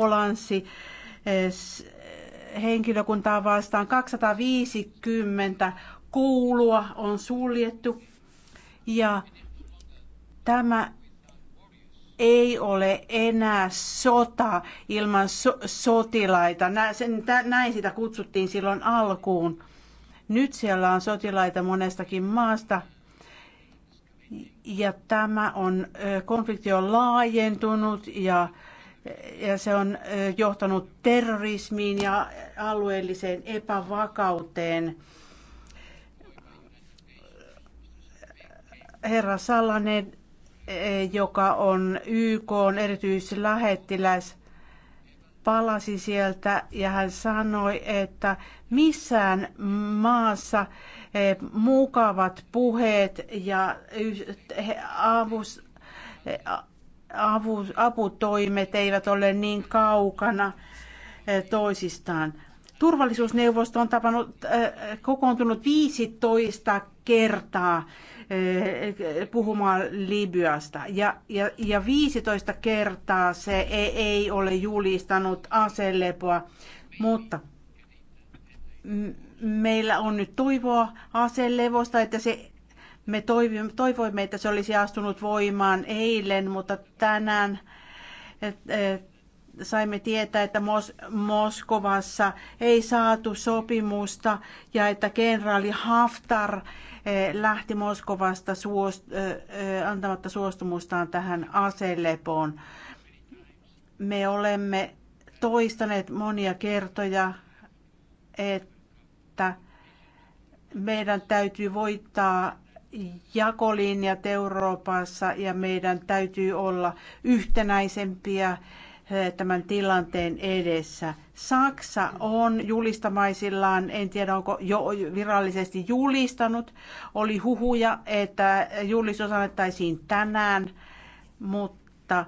ambulanssi eh, henkilökuntaa vastaan. 250 koulua on suljettu ja tämä ei ole enää sota ilman so- sotilaita. Nä- sen, tä- näin sitä kutsuttiin silloin alkuun. Nyt siellä on sotilaita monestakin maasta. Ja tämä on, konflikti on laajentunut ja ja se on johtanut terrorismiin ja alueelliseen epävakauteen. Herra Sallanen, joka on YK on erityislähettiläs, palasi sieltä ja hän sanoi, että missään maassa mukavat puheet ja avus, avu, aputoimet eivät ole niin kaukana eh, toisistaan. Turvallisuusneuvosto on tapannut, eh, kokoontunut 15 kertaa eh, puhumaan Libyasta ja, ja, ja 15 kertaa se ei, ei ole julistanut aselepoa, mutta meillä on nyt toivoa aselevosta, että se me toivoimme, että se olisi astunut voimaan eilen, mutta tänään saimme tietää, että Mos- Moskovassa ei saatu sopimusta ja että kenraali Haftar eh, lähti Moskovasta suost- eh, eh, antamatta suostumustaan tähän aselepoon. Me olemme toistaneet monia kertoja, että meidän täytyy voittaa jakolinjat Euroopassa ja meidän täytyy olla yhtenäisempiä eh, tämän tilanteen edessä. Saksa on julistamaisillaan, en tiedä onko jo virallisesti julistanut, oli huhuja, että julistus annettaisiin tänään, mutta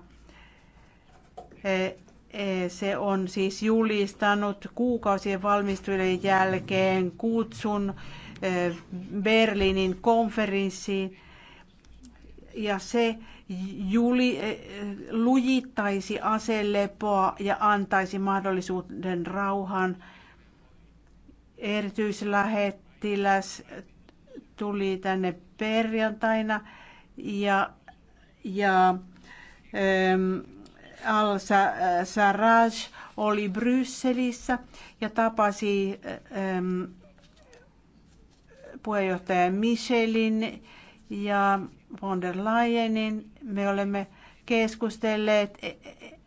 eh, eh, se on siis julistanut kuukausien valmistelujen jälkeen kutsun Eh, Berliinin konferenssiin ja se juli, eh, lujittaisi aselepoa ja antaisi mahdollisuuden rauhan. Erityislähettiläs tuli tänne perjantaina ja, ja ähm, Al-Sarraj oli Brysselissä ja tapasi ähm, puheenjohtaja Michelin ja von der Leyenin. Me olemme keskustelleet e- e-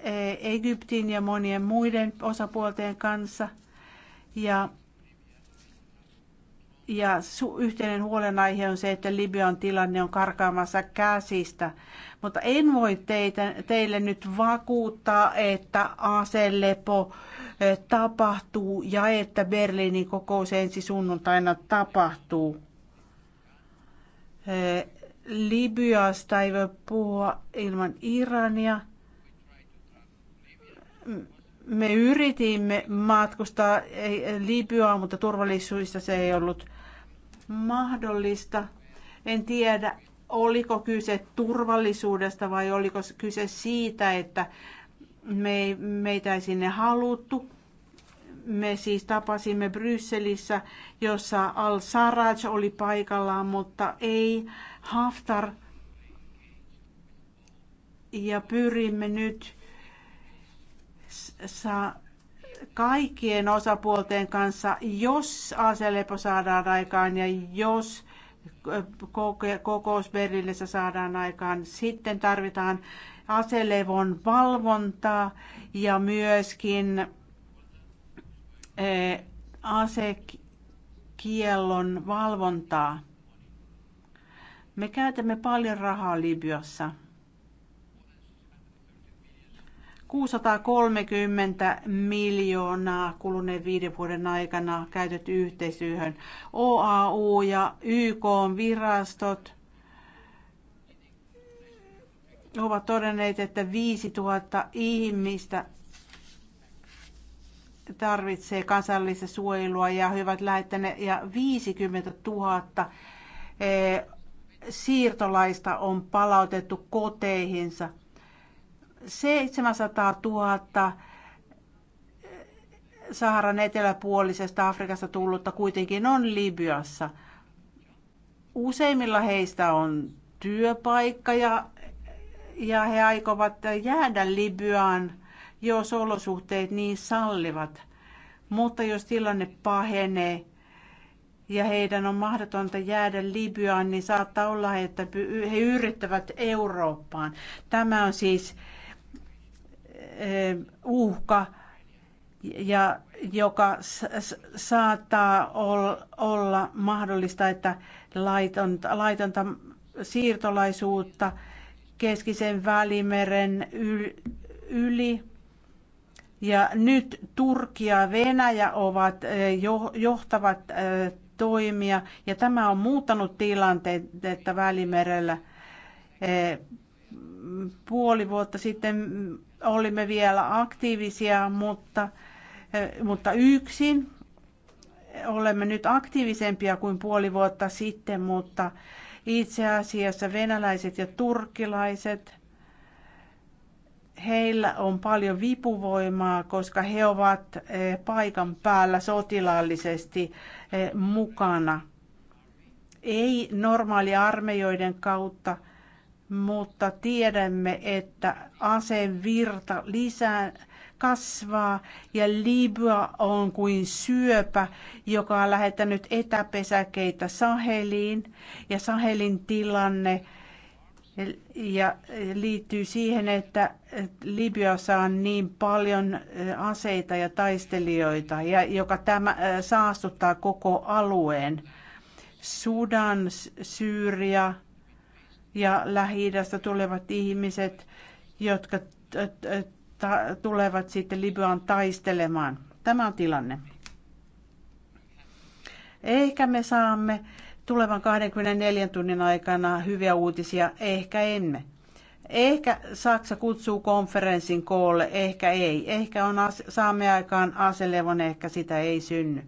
e- Egyptin ja monien muiden osapuolten kanssa. Ja, ja yhteinen huolenaihe on se, että Libyan tilanne on karkaamassa käsistä. Mutta en voi teitä, teille nyt vakuuttaa, että aselepo tapahtuu ja että Berliinin kokous ensi sunnuntaina tapahtuu. Libyasta ei voi puhua ilman Irania. Me yritimme matkustaa Libyaan, mutta turvallisuudessa se ei ollut mahdollista. En tiedä, oliko kyse turvallisuudesta vai oliko kyse siitä, että me, meitä ei sinne haluttu. Me siis tapasimme Brysselissä, jossa Al-Sarraj oli paikallaan, mutta ei Haftar. Ja pyrimme nyt kaikkien osapuolten kanssa, jos aselepo saadaan aikaan ja jos kokous Berliinissä saadaan aikaan, sitten tarvitaan aselevon valvontaa ja myöskin eh, asekiellon valvontaa. Me käytämme paljon rahaa Libyassa. 630 miljoonaa kuluneen viiden vuoden aikana käytetty yhteisyyhön. OAU ja YK virastot ovat todenneet, että 5000 ihmistä tarvitsee kansallista suojelua ja he ovat lähettäneet ja 50 000 e, siirtolaista on palautettu koteihinsa. 700 000 e, Saharan eteläpuolisesta Afrikasta tullutta kuitenkin on Libyassa. Useimmilla heistä on työpaikka ja ja he aikovat jäädä Libyaan, jos olosuhteet niin sallivat. Mutta jos tilanne pahenee ja heidän on mahdotonta jäädä Libyaan, niin saattaa olla, että he yrittävät Eurooppaan. Tämä on siis eh, uhka, ja joka saattaa olla mahdollista, että laitonta, laitonta siirtolaisuutta – keskisen välimeren yli. Ja nyt Turkia, ja Venäjä ovat eh, johtavat eh, toimia ja tämä on muuttanut että Välimerellä. Eh, puoli vuotta sitten olimme vielä aktiivisia, mutta, mutta yksin olemme nyt aktiivisempia kuin puoli vuotta sitten, mutta itse asiassa venäläiset ja turkkilaiset, heillä on paljon vipuvoimaa, koska he ovat eh, paikan päällä sotilaallisesti eh, mukana. Ei normaali armeijoiden kautta, mutta tiedämme, että aseen virta lisää, kasvaa ja Libya on kuin syöpä, joka on lähettänyt etäpesäkeitä Saheliin ja Sahelin tilanne ja liittyy siihen, että Libyassa on niin paljon aseita ja taistelijoita, ja joka tämä saastuttaa koko alueen. Sudan, Syyria ja lähi tulevat ihmiset, jotka ta- tulevat sitten Libyan taistelemaan. Tämä on tilanne. Ehkä me saamme tulevan 24 tunnin aikana hyviä uutisia, ehkä emme. Ehkä Saksa kutsuu konferenssin koolle, ehkä ei. Ehkä on as- saamme aikaan aselevon, ehkä sitä ei synny.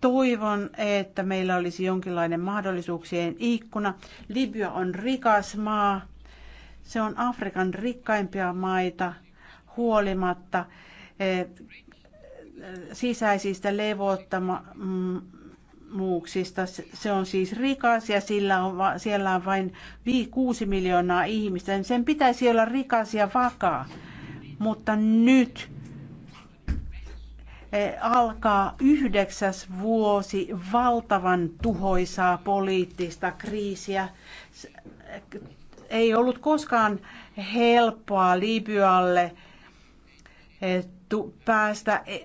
Toivon, että meillä olisi jonkinlainen mahdollisuuksien ikkuna. Libya on rikas maa. Se on Afrikan rikkaimpia maita huolimatta eh, sisäisistä levottomuuksista. Se on siis rikas ja sillä on, siellä on vain 6 miljoonaa ihmistä. Niin sen pitäisi olla rikas ja vakaa, mutta nyt eh, alkaa yhdeksäs vuosi valtavan tuhoisaa poliittista kriisiä. Eh, ei ollut koskaan helppoa Libyalle – päästä e,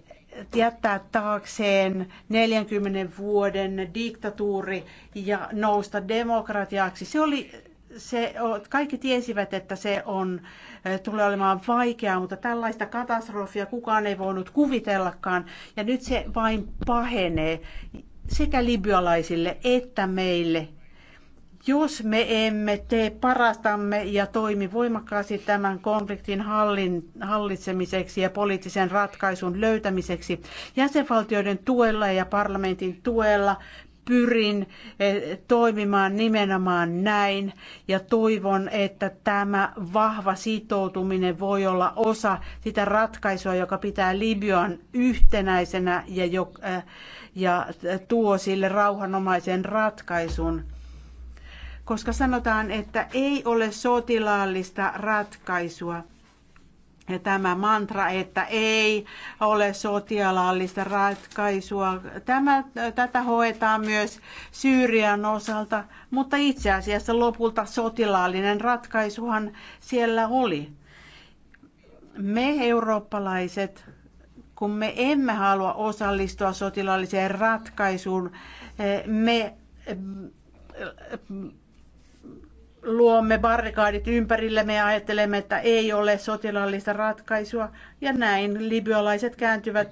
jättää taakseen 40 vuoden diktatuuri ja nousta demokratiaksi. Se oli, se, kaikki tiesivät, että se on, e, tulee olemaan vaikeaa, mutta tällaista katastrofia kukaan ei voinut kuvitellakaan. Ja nyt se vain pahenee sekä libyalaisille että meille jos me emme tee parastamme ja toimi voimakkaasti tämän konfliktin hallin, hallitsemiseksi ja poliittisen ratkaisun löytämiseksi, jäsenvaltioiden tuella ja parlamentin tuella pyrin eh, toimimaan nimenomaan näin ja toivon, että tämä vahva sitoutuminen voi olla osa sitä ratkaisua, joka pitää Libyan yhtenäisenä ja, jo, eh, ja tuo sille rauhanomaisen ratkaisun koska sanotaan, että ei ole sotilaallista ratkaisua. Ja tämä mantra, että ei ole sotilaallista ratkaisua, tämä, tätä hoetaan myös Syyrian osalta, mutta itse asiassa lopulta sotilaallinen ratkaisuhan siellä oli. Me eurooppalaiset, kun me emme halua osallistua sotilaalliseen ratkaisuun, eh, me eh, luomme barrikaadit ympärillemme ja ajattelemme, että ei ole sotilaallista ratkaisua. Ja näin libyalaiset kääntyvät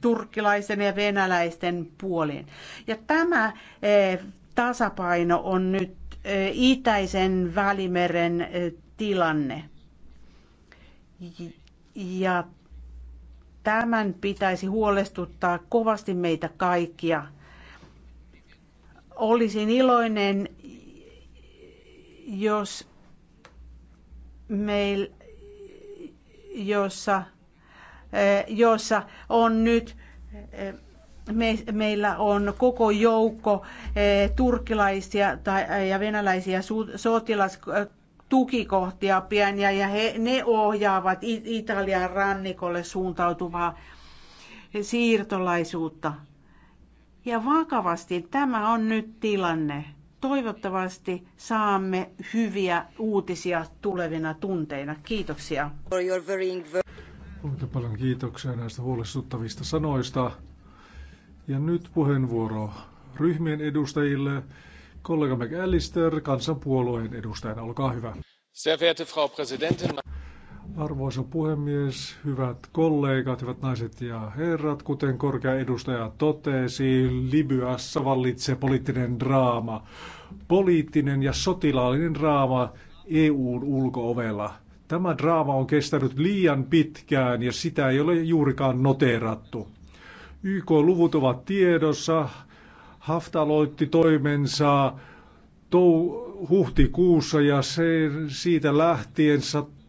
turkkilaisten ja venäläisten puoliin. Ja tämä eh, tasapaino on nyt eh, itäisen välimeren eh, tilanne. Ja tämän pitäisi huolestuttaa kovasti meitä kaikkia. Olisin iloinen, jos meillä, jossa, eh, jossa on nyt eh, me, meillä on koko joukko eh, turkilaisia tai, ja venäläisiä sotilastukikohtia pian ja, ja he, ne ohjaavat Italian rannikolle suuntautuvaa siirtolaisuutta. Ja vakavasti tämä on nyt tilanne toivottavasti saamme hyviä uutisia tulevina tunteina. Kiitoksia. Oikein paljon kiitoksia näistä huolestuttavista sanoista. Ja nyt puheenvuoro ryhmien edustajille. Kollega McAllister, kansanpuolueen edustajana, olkaa hyvä. Sehr verehrte Frau Präsidentin. Arvoisa puhemies, hyvät kollegat, hyvät naiset ja herrat, kuten korkea edustaja totesi, Libyassa vallitsee poliittinen draama. Poliittinen ja sotilaallinen draama EUn ulkoovella. Tämä draama on kestänyt liian pitkään ja sitä ei ole juurikaan noteerattu. YK-luvut ovat tiedossa. Hafta aloitti toimensa tou- huhtikuussa ja se, siitä lähtien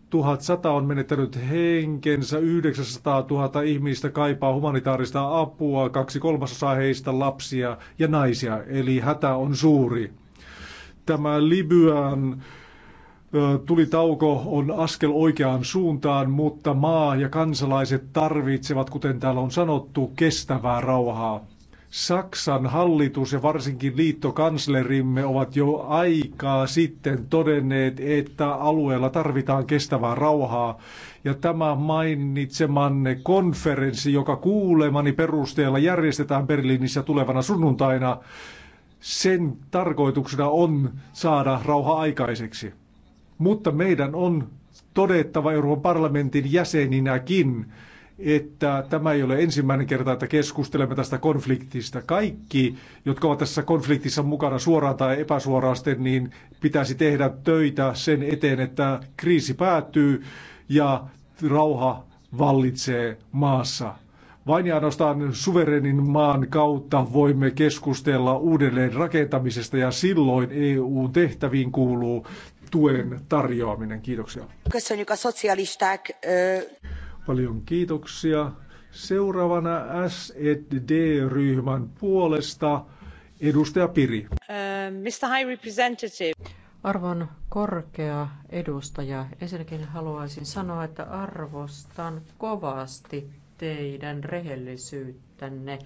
1100 on menettänyt henkensä, 900 000 ihmistä kaipaa humanitaarista apua, kaksi kolmasosaa heistä lapsia ja naisia, eli hätä on suuri. Tämä Libyan tulitauko on askel oikeaan suuntaan, mutta maa ja kansalaiset tarvitsevat, kuten täällä on sanottu, kestävää rauhaa. Saksan hallitus ja varsinkin liittokanslerimme ovat jo aikaa sitten todenneet, että alueella tarvitaan kestävää rauhaa. Ja tämä mainitsemanne konferenssi, joka kuulemani perusteella järjestetään Berliinissä tulevana sunnuntaina, sen tarkoituksena on saada rauha aikaiseksi. Mutta meidän on todettava Euroopan parlamentin jäseninäkin, että tämä ei ole ensimmäinen kerta, että keskustelemme tästä konfliktista. Kaikki, jotka ovat tässä konfliktissa mukana suoraan tai epäsuoraasti, niin pitäisi tehdä töitä sen eteen, että kriisi päättyy ja rauha vallitsee maassa. Vain ja ainoastaan suverenin maan kautta voimme keskustella uudelleen rakentamisesta ja silloin EUn tehtäviin kuuluu tuen tarjoaminen. Kiitoksia. Köszönjük a Paljon kiitoksia. Seuraavana SED-ryhmän puolesta edustaja Piri. Uh, Mr. High Representative. Arvon korkea edustaja, ensinnäkin haluaisin sanoa, että arvostan kovasti teidän rehellisyyttänne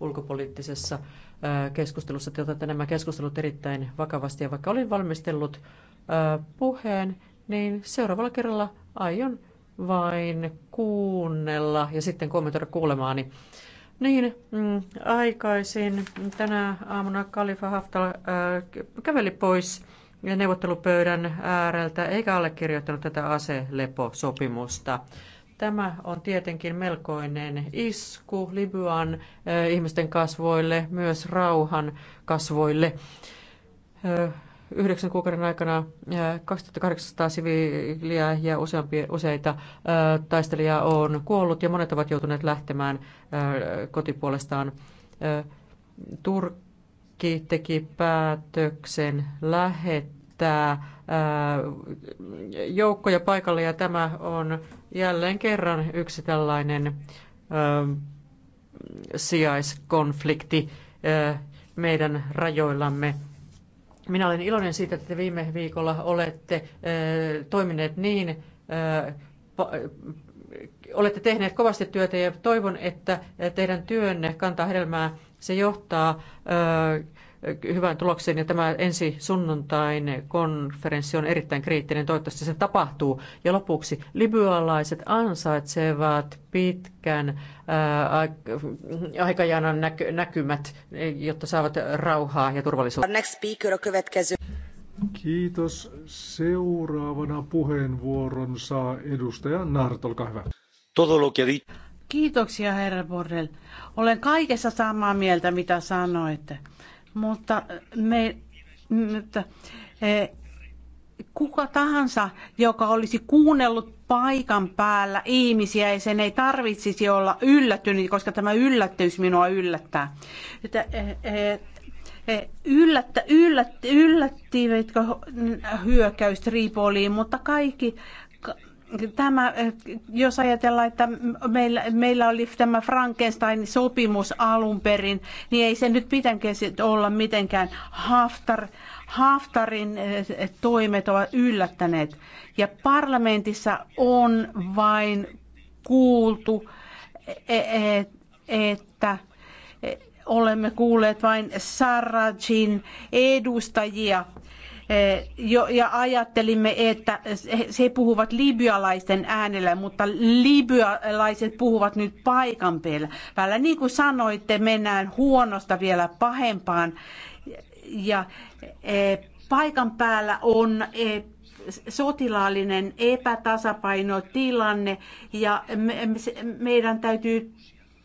ulkopoliittisessa uh, keskustelussa. Te otatte nämä keskustelut erittäin vakavasti ja vaikka olin valmistellut uh, puheen, niin seuraavalla kerralla aion vain kuunnella ja sitten kommentoida kuulemaani. Niin, mm, aikaisin tänä aamuna Kalifa Haftal äh, käveli pois neuvottelupöydän ääreltä eikä allekirjoittanut tätä aseleposopimusta. Tämä on tietenkin melkoinen isku Libyan äh, ihmisten kasvoille, myös rauhan kasvoille. Äh, yhdeksän kuukauden aikana 2800 siviiliä ja useampi, useita taistelijaa on kuollut ja monet ovat joutuneet lähtemään kotipuolestaan. Turkki teki päätöksen lähettää joukkoja paikalle ja tämä on jälleen kerran yksi tällainen sijaiskonflikti meidän rajoillamme. Minä olen iloinen siitä, että viime viikolla olette toimineet niin, olette tehneet kovasti työtä ja toivon, että teidän työnne kantaa hedelmää. Se johtaa hyvään tulokseen ja tämä ensi sunnuntain konferenssi on erittäin kriittinen, toivottavasti se tapahtuu. Ja lopuksi libyalaiset ansaitsevat pitkän aikajanan näky- näkymät, jotta saavat rauhaa ja turvallisuutta. Next speaker, Kiitos. Seuraavana puheenvuoron saa edustaja Nart, olkaa hyvä. Kiitoksia, herra Borrell. Olen kaikessa samaa mieltä, mitä sanoitte mutta me, mutta, e, kuka tahansa, joka olisi kuunnellut paikan päällä ihmisiä ja sen ei tarvitsisi olla yllättynyt, koska tämä yllättyys minua yllättää. Että, e, e, yllättä, yllättä, yllättivätkö hyökkäys Tripoliin, mutta kaikki Tämä, jos ajatellaan, että meillä, meillä oli tämä Frankenstein-sopimus alun perin, niin ei se nyt mitenkään olla mitenkään Haftar, Haftarin eh, toimet ovat yllättäneet. Ja parlamentissa on vain kuultu, e-, e-, että e-, olemme kuulleet vain Sarajin edustajia Eh, ja ajattelimme, että he puhuvat libyalaisten äänellä, mutta libyalaiset puhuvat nyt paikan päällä. Niin kuin sanoitte, mennään huonosta vielä pahempaan ja eh, paikan päällä on eh, sotilaallinen epätasapainotilanne ja meidän täytyy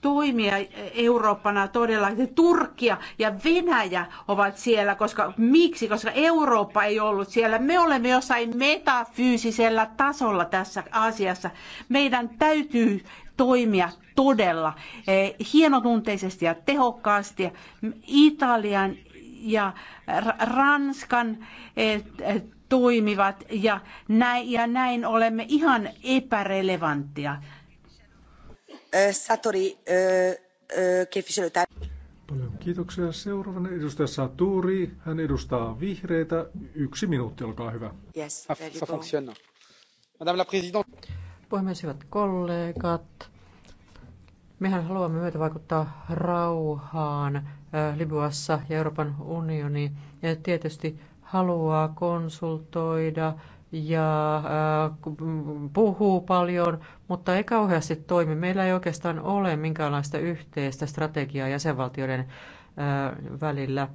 toimia Eurooppana todella. Turkia ja Venäjä ovat siellä, koska miksi? Koska Eurooppa ei ollut siellä. Me olemme jossain metafyysisellä tasolla tässä asiassa. Meidän täytyy toimia todella eh, hienotunteisesti ja tehokkaasti. Italian ja Ranskan eh, toimivat ja näin, ja näin olemme ihan epärelevanttia Eh, Satori eh, eh, Paljon kiitoksia. Seuraavana edustaja Saturi. Hän edustaa vihreitä. Yksi minuutti, olkaa hyvä. Yes, ah, Madame la présidente. Puhemies, hyvät kollegat. Mehän haluamme myötä vaikuttaa rauhaan Libyassa ja Euroopan unioni tietysti haluaa konsultoida ja äh, puhuu paljon, mutta ei kauheasti toimi. Meillä ei oikeastaan ole minkäänlaista yhteistä strategiaa jäsenvaltioiden äh, välillä. Äh,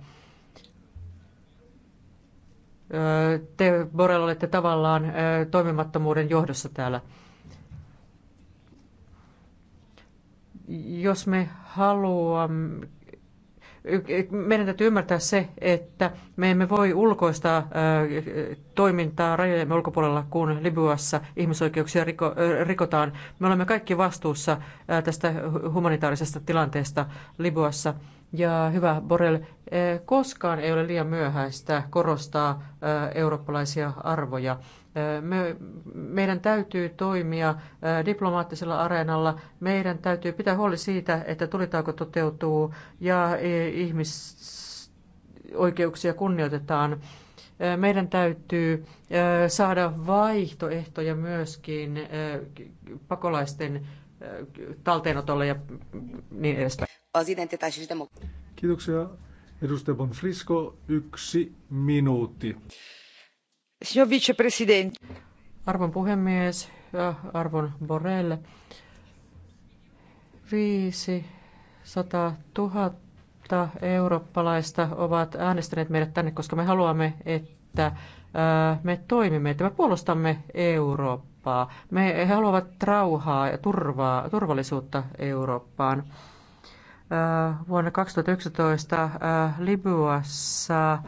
te, Borel, olette tavallaan toimimattomuuden johdossa täällä. Jos me haluamme, meidän täytyy ymmärtää se, että me emme voi ulkoistaa toimintaa rajojemme ulkopuolella, kun Libyassa ihmisoikeuksia riko, rikotaan. Me olemme kaikki vastuussa tästä humanitaarisesta tilanteesta Libyassa. Ja hyvä Borel, eh, koskaan ei ole liian myöhäistä korostaa eh, eurooppalaisia arvoja. Eh, me, meidän täytyy toimia diplomaattisella areenalla, meidän täytyy pitää huoli siitä, että tulitauko toteutuu ja ihmisoikeuksia kunnioitetaan. Meidän täytyy saada vaihtoehtoja myöskin pakolaisten talteenotolle ja niin edespäin az identitás és demok- Kiitoksia. Edustaja Bonfrisco, yksi minuutti. Signor vicepresident. Arvon puhemies ja arvon Borrell. 500 000 eurooppalaista ovat äänestäneet meidät tänne, koska me haluamme, että me toimimme, että me puolustamme Eurooppaa. Me, he haluavat rauhaa ja turvaa, turvallisuutta Eurooppaan. Äh, vuonna 2011 äh, Libyassa äh,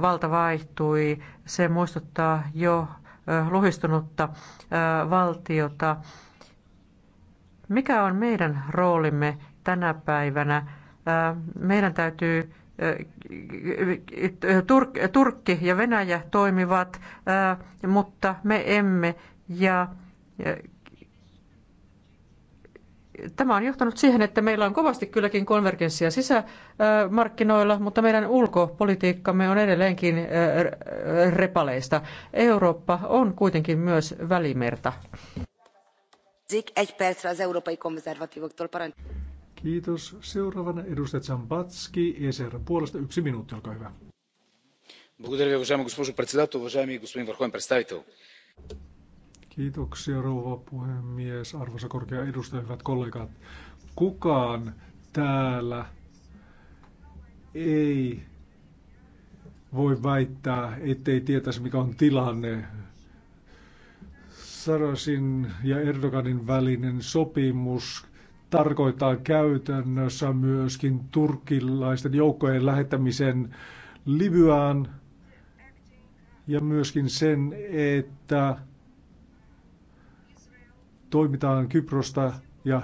valta vaihtui. Se muistuttaa jo luhistunutta valtiota. Mikä on meidän roolimme tänä päivänä? Meidän täytyy Turkki ja Venäjä toimivat, mutta me emme. Ja tämä on johtanut siihen, että meillä on kovasti kylläkin konvergenssia sisämarkkinoilla, mutta meidän ulkopolitiikkamme on edelleenkin repaleista. Eurooppa on kuitenkin myös välimerta. Kiitos. Seuraavana edustaja Zambatski, ECR puolesta yksi minuutti, olkaa hyvä. Благодаря ви, уважаема госпожо председател, уважаеми господин върховен представител. Kiitoksia rouva puhemies, arvoisa korkea edustaja, hyvät kollegat. Kukaan täällä ei voi väittää, ettei tietäisi mikä on tilanne. Sarasin ja Erdoganin välinen sopimus tarkoittaa käytännössä myöskin turkilaisten joukkojen lähettämisen Libyaan ja myöskin sen, että toimitaan Kyprosta ja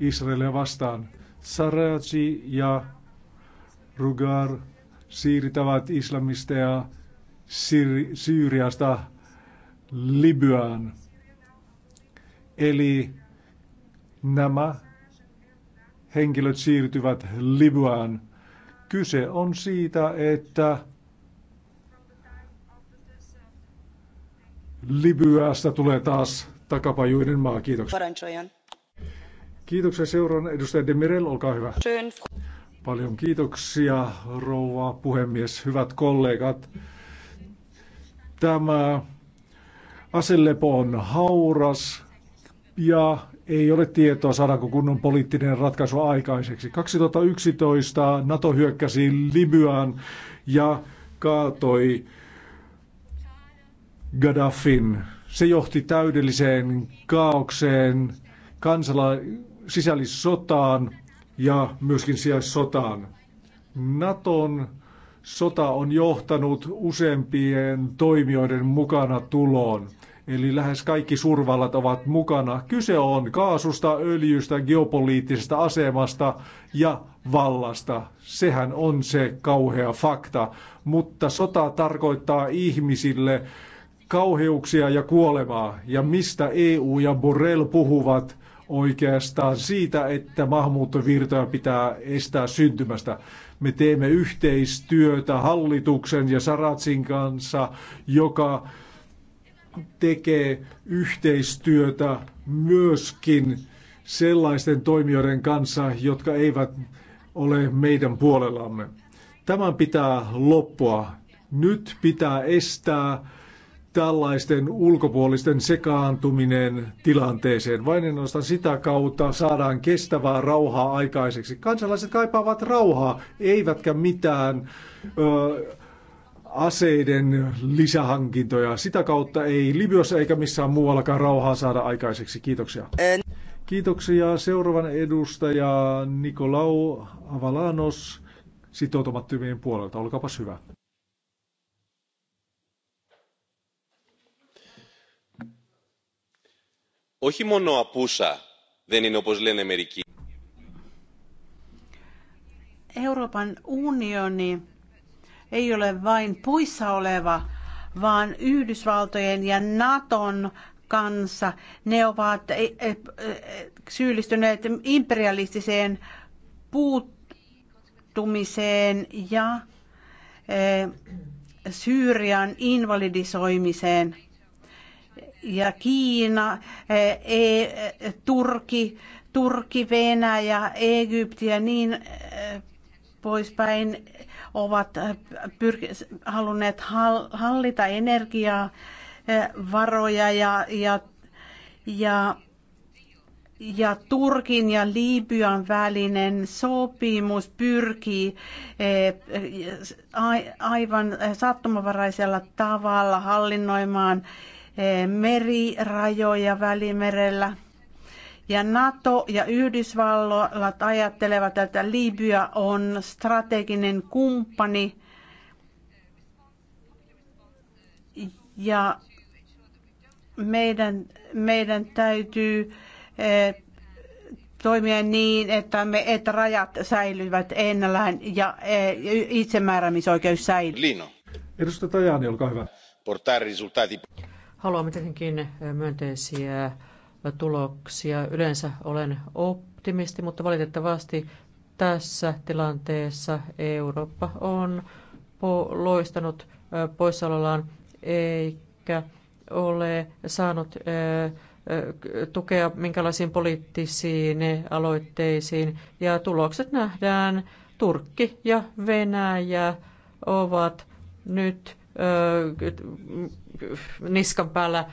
Israelia vastaan. Saraji ja Rugar siirtävät islamisteja Syri- Syyriasta Libyaan. Eli nämä henkilöt siirtyvät Libyaan. Kyse on siitä, että Libyasta tulee taas takapajuinen maa. Kiitoksia. Kiitoksia seuraan edustaja Demirel, olkaa hyvä. Paljon kiitoksia, rouva puhemies, hyvät kollegat. Tämä aselepo on hauras ja ei ole tietoa saadaanko kunnon poliittinen ratkaisu aikaiseksi. 2011 NATO hyökkäsi Libyaan ja kaatoi Gaddafin se johti täydelliseen kaaukseen, kansala- sisällissotaan ja myöskin sijaissotaan. Naton sota on johtanut useampien toimijoiden mukana tuloon. Eli lähes kaikki suurvallat ovat mukana. Kyse on kaasusta, öljystä, geopoliittisesta asemasta ja vallasta. Sehän on se kauhea fakta. Mutta sota tarkoittaa ihmisille kauheuksia ja kuolemaa. Ja mistä EU ja Borrell puhuvat oikeastaan siitä, että maahanmuuttovirtoja pitää estää syntymästä. Me teemme yhteistyötä hallituksen ja Saratsin kanssa, joka tekee yhteistyötä myöskin sellaisten toimijoiden kanssa, jotka eivät ole meidän puolellamme. Tämän pitää loppua. Nyt pitää estää tällaisten ulkopuolisten sekaantuminen tilanteeseen. Vain ainoastaan sitä kautta saadaan kestävää rauhaa aikaiseksi. Kansalaiset kaipaavat rauhaa, eivätkä mitään ö, aseiden lisähankintoja. Sitä kautta ei Libyassa eikä missään muuallakaan rauhaa saada aikaiseksi. Kiitoksia. En. Kiitoksia. Seuraavan edustaja Nikolau Avalanos sitoutumattomien puolelta. Olkaapas hyvä. όχι μόνο απούσα δεν είναι όπως λένε μερικοί. Euroopan unioni ei ole vain puissa oleva, vaan Yhdysvaltojen ja Naton kanssa. Ne ovat e, e, syyllistyneet imperialistiseen puuttumiseen ja e, Syyrian invalidisoimiseen ja Kiina, e, e, Turki, Turki, Venäjä, Egypti ja niin e, poispäin ovat pyrk- halunneet hallita energiaa, e, varoja ja, ja, ja, ja Turkin ja Libyan välinen sopimus pyrkii aivan sattumavaraisella tavalla hallinnoimaan Eh, merirajoja Välimerellä. Ja NATO ja Yhdysvallat ajattelevat, että Libya on strateginen kumppani ja meidän, meidän täytyy eh, toimia niin, että, me, että rajat säilyvät ennallaan ja eh, itsemääräämisoikeus säilyy. Lino. Edustaja Tajani, olkaa hyvä. Portare risultati. Haluamme tietenkin myönteisiä tuloksia. Yleensä olen optimisti, mutta valitettavasti tässä tilanteessa Eurooppa on loistanut poissaolollaan eikä ole saanut tukea minkälaisiin poliittisiin aloitteisiin. Ja tulokset nähdään. Turkki ja Venäjä ovat nyt niskan päällä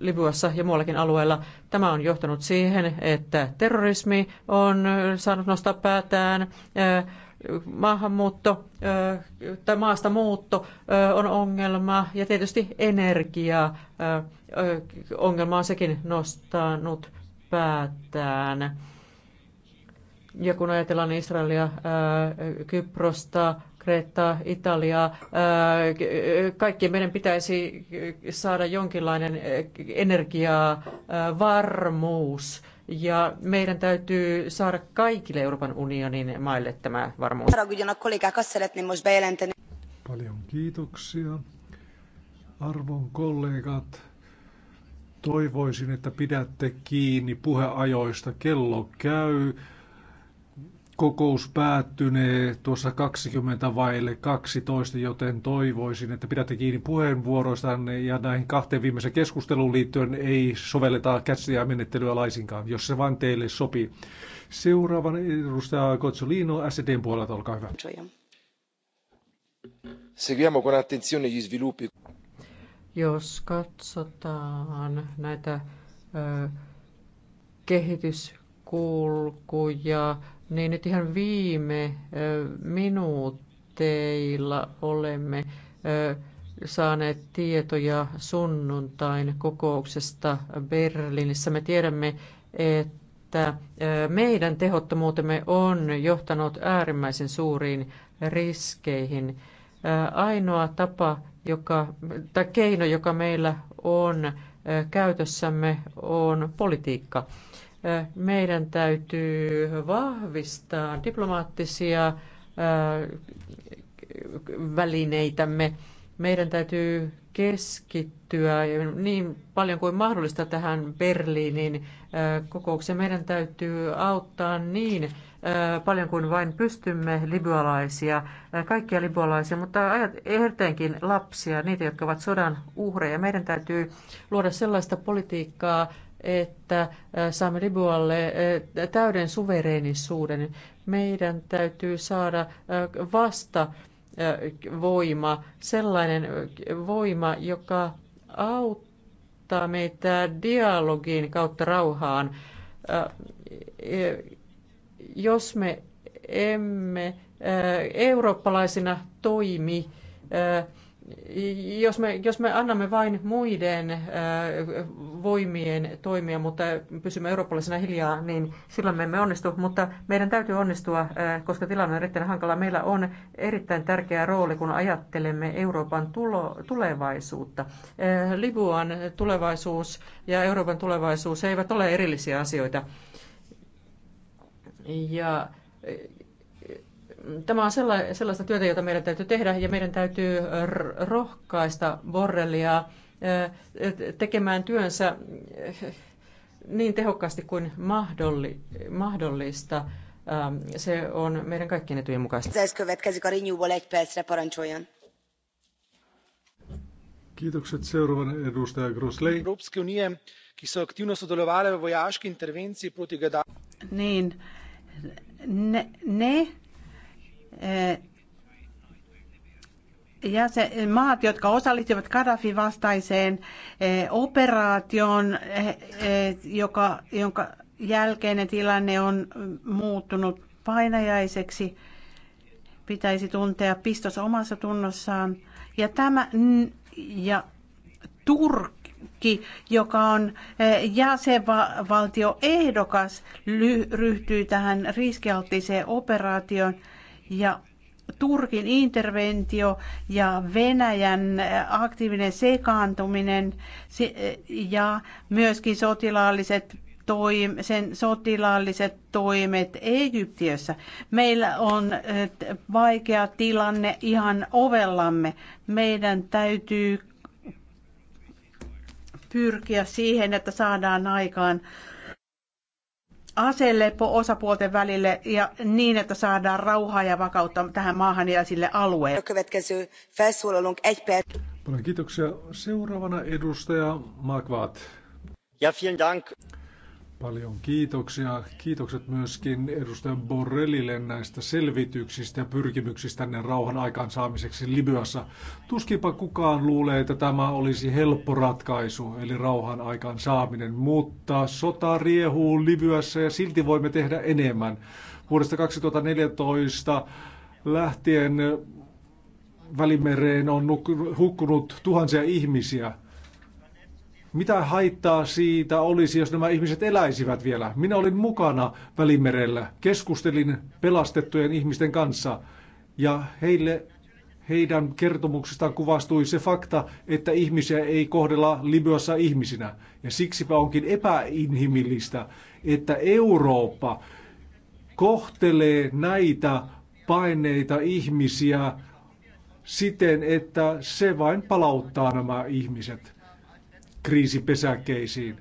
Libyassa ja muuallakin alueella. Tämä on johtanut siihen, että terrorismi on saanut nostaa päätään, maahanmuutto tai maasta muutto on ongelma ja tietysti energia ongelma on sekin nostanut päätään. Ja kun ajatellaan Israelia, Kyprosta, Kreettaa, Italiaa. Äh, kaikkien meidän pitäisi saada jonkinlainen äh, energiavarmuus. Äh, ja meidän täytyy saada kaikille Euroopan unionin maille tämä varmuus. Paljon kiitoksia. Arvon kollegat, toivoisin, että pidätte kiinni puheajoista. Kello käy kokous päättynee tuossa 20 vaille 12, joten toivoisin, että pidätte kiinni puheenvuoroistanne ja näihin kahteen viimeiseen keskusteluun liittyen ei sovelleta kätsiä menettelyä laisinkaan, jos se vain teille sopii. Seuraavan edustaja Kotsoliino SDn puolelta, olkaa hyvä. Seguiamo con attenzione gli sviluppi. Jos katsotaan näitä ö, kehityskulkuja, niin nyt ihan viime minuutteilla olemme saaneet tietoja sunnuntain kokouksesta Berliinissä. Me tiedämme, että meidän tehottomuutemme on johtanut äärimmäisen suuriin riskeihin. Ainoa tapa joka, tai keino, joka meillä on käytössämme, on politiikka meidän täytyy vahvistaa diplomaattisia välineitämme. Meidän täytyy keskittyä niin paljon kuin mahdollista tähän Berliinin kokoukseen. Meidän täytyy auttaa niin paljon kuin vain pystymme libyalaisia, kaikkia libyalaisia, mutta erityisesti lapsia, niitä, jotka ovat sodan uhreja. Meidän täytyy luoda sellaista politiikkaa, että äh, saamme Libualle äh, täyden suvereenisuuden. Meidän täytyy saada äh, vasta voima, sellainen voima, joka auttaa meitä dialogiin kautta rauhaan. Jos me emme eurooppalaisina toimi, jos me, jos me annamme vain muiden äh, voimien toimia, mutta pysymme eurooppalaisena hiljaa, niin silloin me emme onnistu. Mutta meidän täytyy onnistua, äh, koska tilanne on erittäin hankala. Meillä on erittäin tärkeä rooli, kun ajattelemme Euroopan tulo, tulevaisuutta. Äh, Libuan tulevaisuus ja Euroopan tulevaisuus eivät ole erillisiä asioita. Ja Tämä on sellaista työtä, jota meidän täytyy tehdä ja meidän täytyy rohkaista Borrelia tekemään työnsä niin tehokkaasti kuin mahdollista. Ähm, se on meidän kaikkien etujen mukaista. Kiitokset seuraavan edustaja Grosley. Niin, ne, ne jäsen, e, maat, jotka osallistuivat Gaddafin vastaiseen e, operaatioon, e, joka, jonka jälkeinen tilanne on muuttunut painajaiseksi, pitäisi tuntea pistos omassa tunnossaan. Ja, tämä, ja Turkki, joka on jäsenvaltioehdokas, ryhtyy tähän riskialttiseen operaatioon – ja Turkin interventio ja Venäjän äh, aktiivinen sekaantuminen äh, ja myöskin sotilaalliset toim, sen sotilaalliset toimet Egyptiössä. Meillä on äh, vaikea tilanne ihan ovellamme. Meidän täytyy pyrkiä siihen, että saadaan aikaan aselepo osapuolten välille ja niin, että saadaan rauhaa ja vakautta tähän maahan ja sille alueelle. Paljon kiitoksia. Seuraavana edustaja Mark Ja, vielen dank. Paljon kiitoksia. Kiitokset myöskin edustaja Borrellille näistä selvityksistä ja pyrkimyksistä pyrkimyksistänne rauhan aikaansaamiseksi Libyassa. Tuskipa kukaan luulee, että tämä olisi helppo ratkaisu, eli rauhan aikaansaaminen, mutta sota riehuu Libyassa ja silti voimme tehdä enemmän. Vuodesta 2014 lähtien Välimereen on hukkunut tuhansia ihmisiä. Mitä haittaa siitä olisi, jos nämä ihmiset eläisivät vielä? Minä olin mukana Välimerellä, keskustelin pelastettujen ihmisten kanssa ja heille heidän kertomuksestaan kuvastui se fakta, että ihmisiä ei kohdella Libyassa ihmisinä. Ja siksipä onkin epäinhimillistä, että Eurooppa kohtelee näitä paineita ihmisiä siten, että se vain palauttaa nämä ihmiset kriisipesäkkeisiin.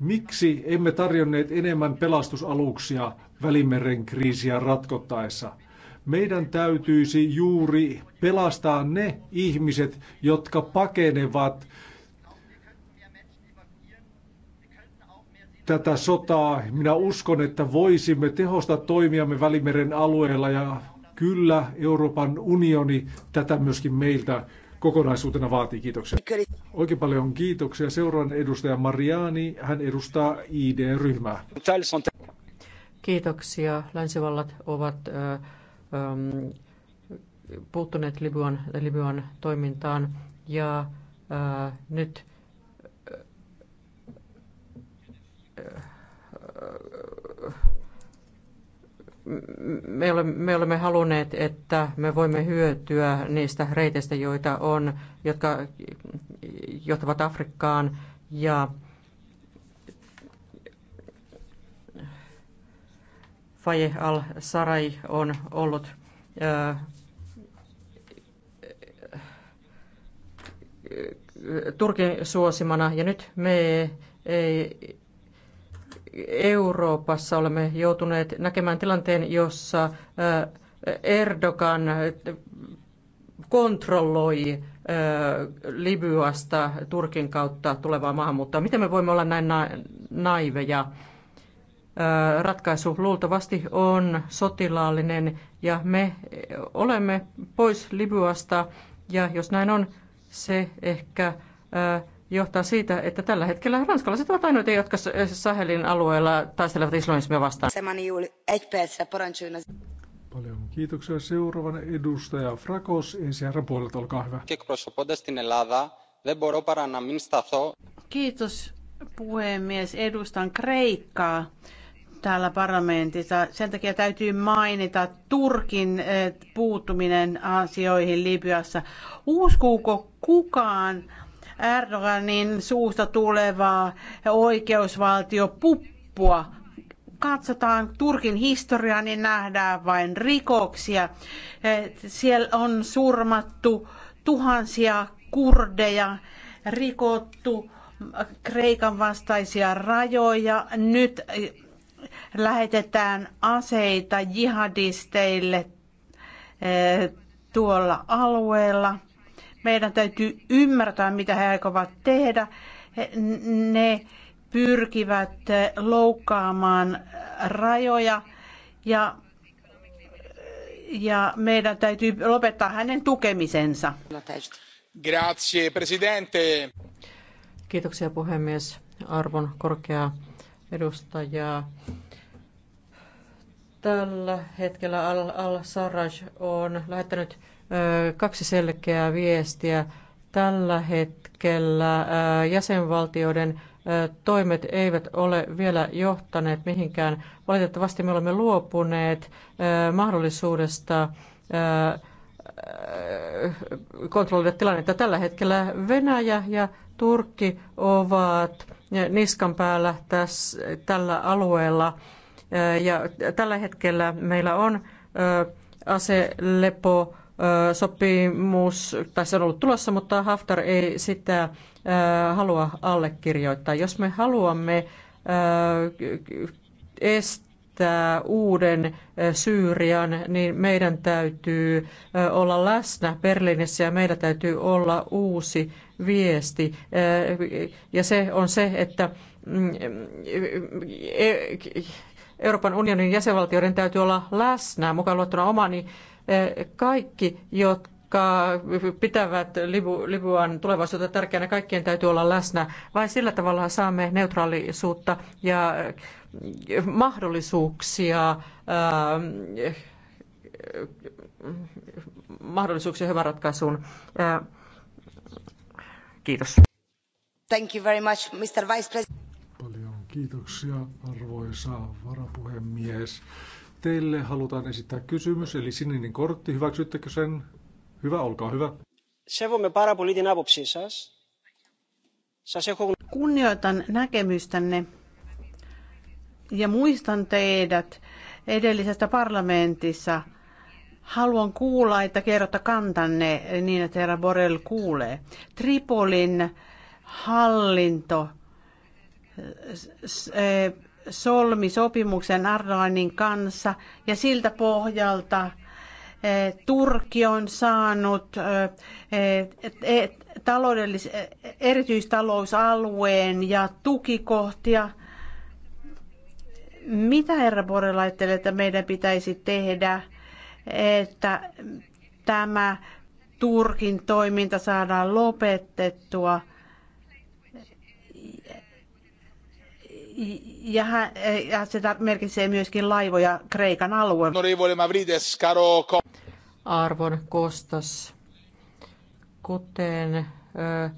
Miksi emme tarjonneet enemmän pelastusaluksia Välimeren kriisiä ratkottaessa? Meidän täytyisi juuri pelastaa ne ihmiset, jotka pakenevat tätä sotaa. Minä uskon, että voisimme tehostaa toimiamme Välimeren alueella ja kyllä Euroopan unioni tätä myöskin meiltä kokonaisuutena vaatii. Kiitoksia. Oikein paljon kiitoksia. Seuraavan edustaja Mariani, hän edustaa ID-ryhmää. Kiitoksia. Länsivallat ovat puuttuneet Libyan, Libyan toimintaan ja ö, nyt ö, me olemme, me olemme halunneet, että me voimme hyötyä niistä reiteistä, joita on, jotka johtavat Afrikkaan ja Faye al-Sarai on ollut ää, Turkin suosimana ja nyt me ei, Euroopassa olemme joutuneet näkemään tilanteen, jossa Erdogan kontrolloi Libyasta Turkin kautta tulevaa maahanmuuttoa. Miten me voimme olla näin naiveja? Ratkaisu luultavasti on sotilaallinen ja me olemme pois Libyasta ja jos näin on, se ehkä johtaa siitä, että tällä hetkellä ranskalaiset ovat ainoita, jotka Sahelin alueella taistelevat islamismia vastaan. Paljon kiitoksia. Seuraavana edustaja Frakos, ensi ensiherra puolelta, olkaa hyvä. Kiitos puhemies. Edustan Kreikkaa täällä parlamentissa. Sen takia täytyy mainita Turkin eh, puuttuminen asioihin Libyassa. Uskuuko kukaan Erdoganin suusta tulevaa oikeusvaltiopuppua. Katsotaan Turkin historiaa, niin nähdään vain rikoksia. Siellä on surmattu tuhansia kurdeja, rikottu Kreikan vastaisia rajoja. Nyt lähetetään aseita jihadisteille eh, tuolla alueella. Meidän täytyy ymmärtää, mitä he aikovat tehdä. Ne pyrkivät loukkaamaan rajoja ja, ja meidän täytyy lopettaa hänen tukemisensa. Grazie, presidente. Kiitoksia puhemies. Arvon korkea edustaja. Tällä hetkellä Al-Sarraj on lähettänyt kaksi selkeää viestiä. Tällä hetkellä jäsenvaltioiden toimet eivät ole vielä johtaneet mihinkään. Valitettavasti me olemme luopuneet mahdollisuudesta kontrolloida tilannetta. Tällä hetkellä Venäjä ja Turkki ovat niskan päällä tässä, tällä alueella. Ja tällä hetkellä meillä on aselepo sopimus, tai se on ollut tulossa, mutta Haftar ei sitä halua allekirjoittaa. Jos me haluamme estää uuden Syyrian, niin meidän täytyy olla läsnä Berliinissä ja meidän täytyy olla uusi viesti. Ja se on se, että mm, e, Euroopan unionin jäsenvaltioiden täytyy olla läsnä, mukaan luettuna omani kaikki, jotka pitävät Libuan tulevaisuutta tärkeänä, kaikkien täytyy olla läsnä. Vain sillä tavalla saamme neutraalisuutta ja mahdollisuuksia äh, mahdollisuuksia hyvän ratkaisuun. Äh, kiitos. Thank you very much, Mr. Vice President. Paljon kiitoksia, arvoisa varapuhemies. Teille halutaan esittää kysymys, eli sininen kortti. Hyväksyttekö sen? Hyvä, olkaa hyvä. Sevomme voimme πολύ την Kunnioitan näkemystänne ja muistan teidät edellisestä parlamentissa. Haluan kuulla, että kerrotte kantanne niin, että herra Borrell kuulee. Tripolin hallinto solmi sopimuksen Erdoganin kanssa ja siltä pohjalta eh, Turkki on saanut eh, eh, taloudellis- erityistalousalueen ja tukikohtia. Mitä herra Borrell ajattelee, että meidän pitäisi tehdä, että tämä Turkin toiminta saadaan lopetettua – ja, hän, eh, ja se merkitsee myöskin laivoja Kreikan alueelle. Arvon Kostas, kuten ö,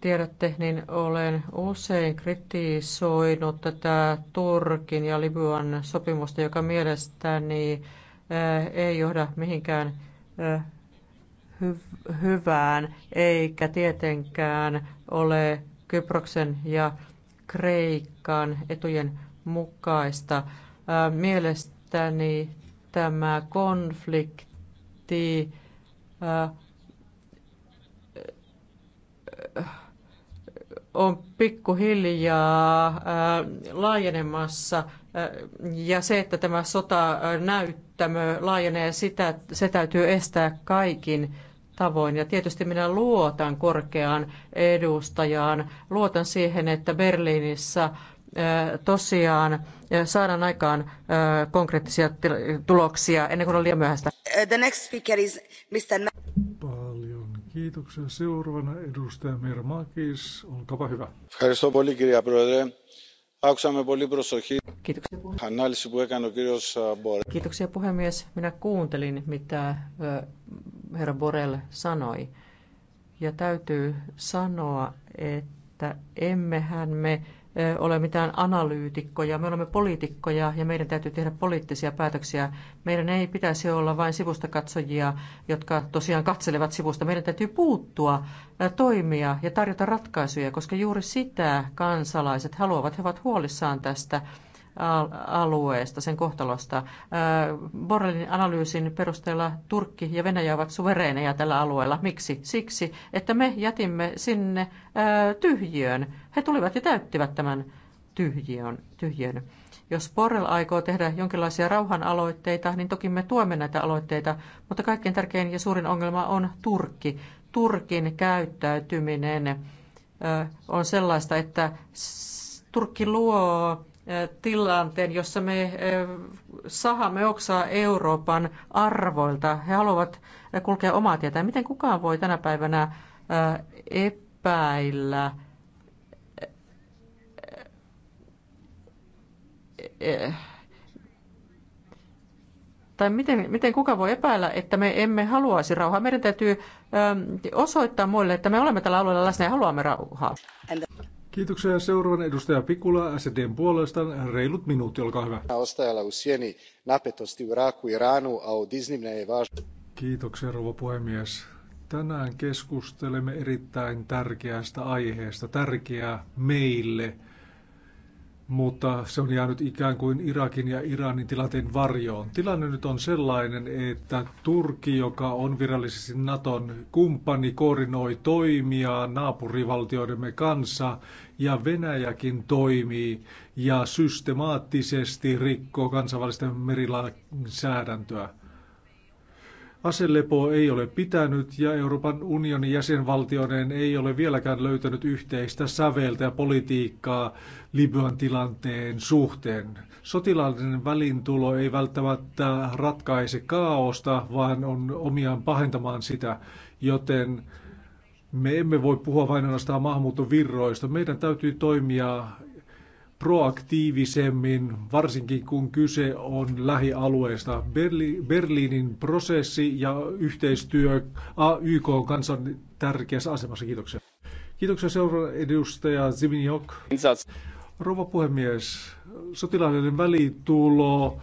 tiedätte, niin olen usein kritisoinut tätä Turkin ja Libyan sopimusta, joka mielestäni ö, ei johda mihinkään ö, hy- hyvään, eikä tietenkään ole Kyproksen ja Kreikan etujen mukaista. Mielestäni tämä konflikti on pikkuhiljaa laajenemassa ja se, että tämä sota näyttämö laajenee, sitä, se täytyy estää kaikin tavoin. Ja tietysti minä luotan korkeaan edustajaan, luotan siihen, että Berliinissä tosiaan saadaan aikaan konkreettisia tuloksia ennen kuin on liian myöhäistä. Uh, the next speaker is Mr. Paljon kiitoksia. Seuraavana edustaja Mermakis, olkaapa hyvä. Ευχαριστώ πολύ κυρία Πρόεδρε. Άκουσα πολύ προσοχή Kiitoksia puhemies. Kiitoksia puhemies. Minä kuuntelin, mitä herra Borel sanoi. Ja täytyy sanoa, että emmehän me ole mitään analyytikkoja, me olemme poliitikkoja ja meidän täytyy tehdä poliittisia päätöksiä. Meidän ei pitäisi olla vain sivustakatsojia, jotka tosiaan katselevat sivusta. Meidän täytyy puuttua, toimia ja tarjota ratkaisuja, koska juuri sitä kansalaiset haluavat. He ovat huolissaan tästä alueesta, sen kohtalosta. Borrellin analyysin perusteella Turkki ja Venäjä ovat suvereeneja tällä alueella. Miksi? Siksi, että me jätimme sinne tyhjiön. He tulivat ja täyttivät tämän tyhjiön. tyhjiön. Jos Borrell aikoo tehdä jonkinlaisia rauhanaloitteita, niin toki me tuemme näitä aloitteita, mutta kaikkein tärkein ja suurin ongelma on Turkki. Turkin käyttäytyminen on sellaista, että Turkki luo tilanteen, jossa me sahamme oksaa Euroopan arvoilta. He haluavat kulkea omaa tietään. Miten kukaan voi tänä päivänä epäillä tai miten, miten kuka voi epäillä, että me emme haluaisi rauhaa? Meidän täytyy osoittaa muille, että me olemme tällä alueella läsnä ja haluamme rauhaa. Kiitoksia. Seuraavan edustaja Pikula SDn puolesta reilut minuutti, olkaa hyvä. Ostajalla usieni napetosti Iraku Iranu, a od iznimne je važno. Kiitoksia rouva puhemies. Tänään keskustelemme erittäin tärkeästä aiheesta, tärkeää meille – mutta se on jäänyt ikään kuin Irakin ja Iranin tilanteen varjoon. Tilanne nyt on sellainen, että Turkki, joka on virallisesti Naton kumppani, koordinoi toimia naapurivaltioidemme kanssa ja Venäjäkin toimii ja systemaattisesti rikkoo kansainvälistä merilainsäädäntöä. Aselepo ei ole pitänyt ja Euroopan unionin jäsenvaltioiden ei ole vieläkään löytänyt yhteistä säveltä ja politiikkaa Libyan tilanteen suhteen. Sotilaallinen välintulo ei välttämättä ratkaise kaaosta, vaan on omiaan pahentamaan sitä, joten me emme voi puhua vain ainoastaan maahanmuuton virroista. Meidän täytyy toimia proaktiivisemmin, varsinkin kun kyse on lähialueesta. Berli, Berliinin prosessi ja yhteistyö YK on kansan tärkeässä asemassa. Kiitoksia. Kiitoksia seuraavan edustaja Zimniok. Rouva puhemies, sotilaallinen välitulo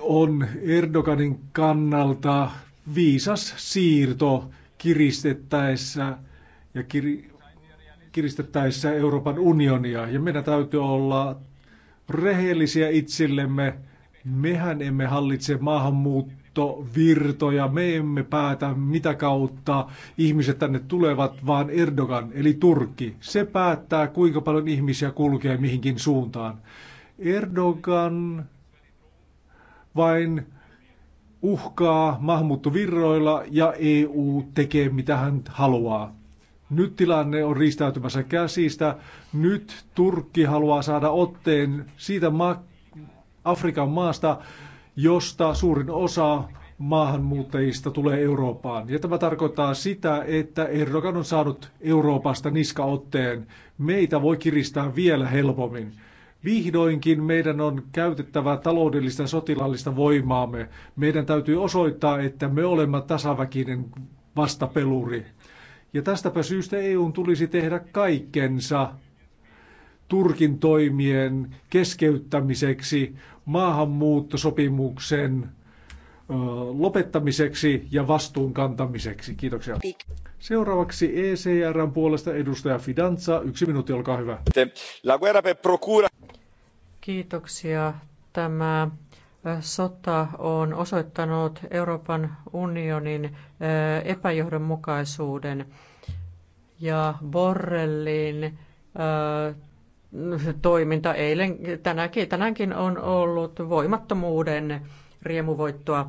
on Erdoganin kannalta viisas siirto kiristettäessä ja kir- kiristettäessä Euroopan unionia. Ja meidän täytyy olla rehellisiä itsillemme. Mehän emme hallitse maahanmuuttovirtoja, me emme päätä mitä kautta ihmiset tänne tulevat, vaan Erdogan eli Turkki. Se päättää kuinka paljon ihmisiä kulkee mihinkin suuntaan. Erdogan vain uhkaa maahanmuuttovirroilla ja EU tekee mitä hän haluaa. Nyt tilanne on riistäytymässä käsistä. Nyt Turkki haluaa saada otteen siitä ma- Afrikan maasta, josta suurin osa maahanmuuttajista tulee Eurooppaan. Ja tämä tarkoittaa sitä, että Erdogan on saanut Euroopasta niskaotteen. Meitä voi kiristää vielä helpommin. Vihdoinkin meidän on käytettävä taloudellista ja sotilaallista voimaamme. Meidän täytyy osoittaa, että me olemme tasaväkinen vastapeluri. Ja tästäpä syystä EU tulisi tehdä kaikkensa Turkin toimien keskeyttämiseksi, maahanmuuttosopimuksen lopettamiseksi ja vastuun kantamiseksi. Kiitoksia. Seuraavaksi ECRn puolesta edustaja Fidanza. Yksi minuutti, olkaa hyvä. La guerra per procura. Kiitoksia. Tämä sota on osoittanut Euroopan unionin eh, epäjohdonmukaisuuden ja Borrellin eh, toiminta eilen, tänäkin tänäänkin on ollut voimattomuuden riemuvoittoa. Eh,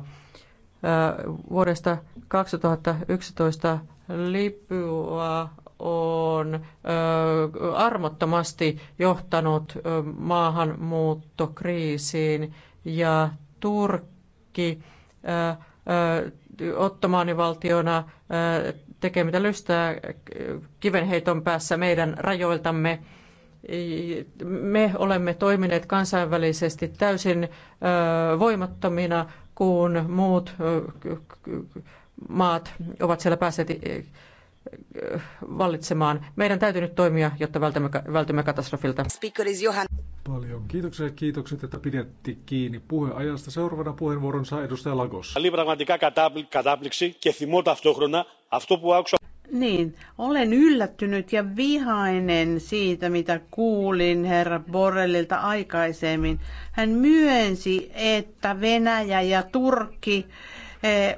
vuodesta 2011 Libya on armottomasti johtanut maahanmuuttokriisiin ja Turkki ottomaanivaltiona tekee mitä lystää kivenheiton päässä meidän rajoiltamme. Me olemme toimineet kansainvälisesti täysin voimattomina, kun muut maat ovat siellä päässeet vallitsemaan. Meidän täytyy nyt toimia, jotta vältymme katastrofilta paljon. kiitoksia, kiitokset, että pidätti kiinni puheajasta. Seuraavana puheenvuoron saa edustaja Lagos. Niin, olen yllättynyt ja vihainen siitä, mitä kuulin herra Borrellilta aikaisemmin. Hän myönsi, että Venäjä ja Turkki eh,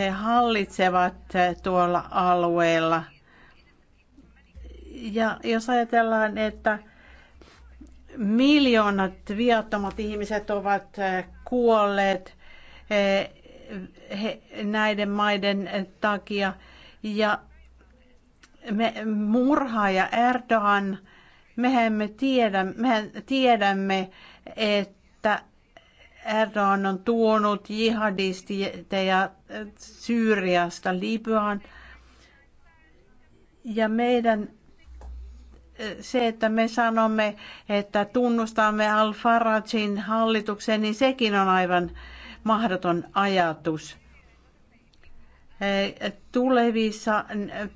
eh, hallitsevat tuolla alueella. Ja jos ajatellaan, että miljoonat viattomat ihmiset ovat eh, kuolleet eh, näiden maiden takia. Ja me, murhaaja Erdogan, mehän me tiedä, mehän tiedämme, että Erdogan on tuonut jihadisteja eh, Syyriasta Libyaan. Ja meidän se, että me sanomme, että tunnustamme Al-Farajin hallituksen, niin sekin on aivan mahdoton ajatus. Eh, tulevissa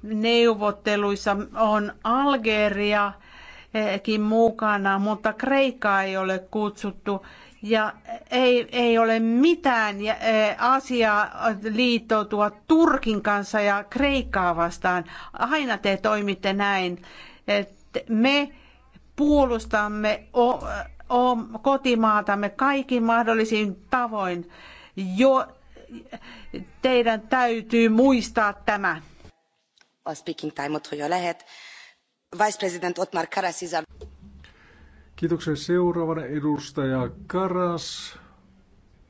neuvotteluissa on Algeriakin mukana, mutta Kreikka ei ole kutsuttu ja ei, ei ole mitään eh, asiaa liittoutua Turkin kanssa ja Kreikkaa vastaan. Aina te toimitte näin. Eh, me puolustamme o, o, kotimaatamme kaikin mahdollisin tavoin. Jo, teidän täytyy muistaa tämä. A speaking time on jo lähet. Vice President Otmar Karas is Kiitoksia seuraavana edustaja Karas.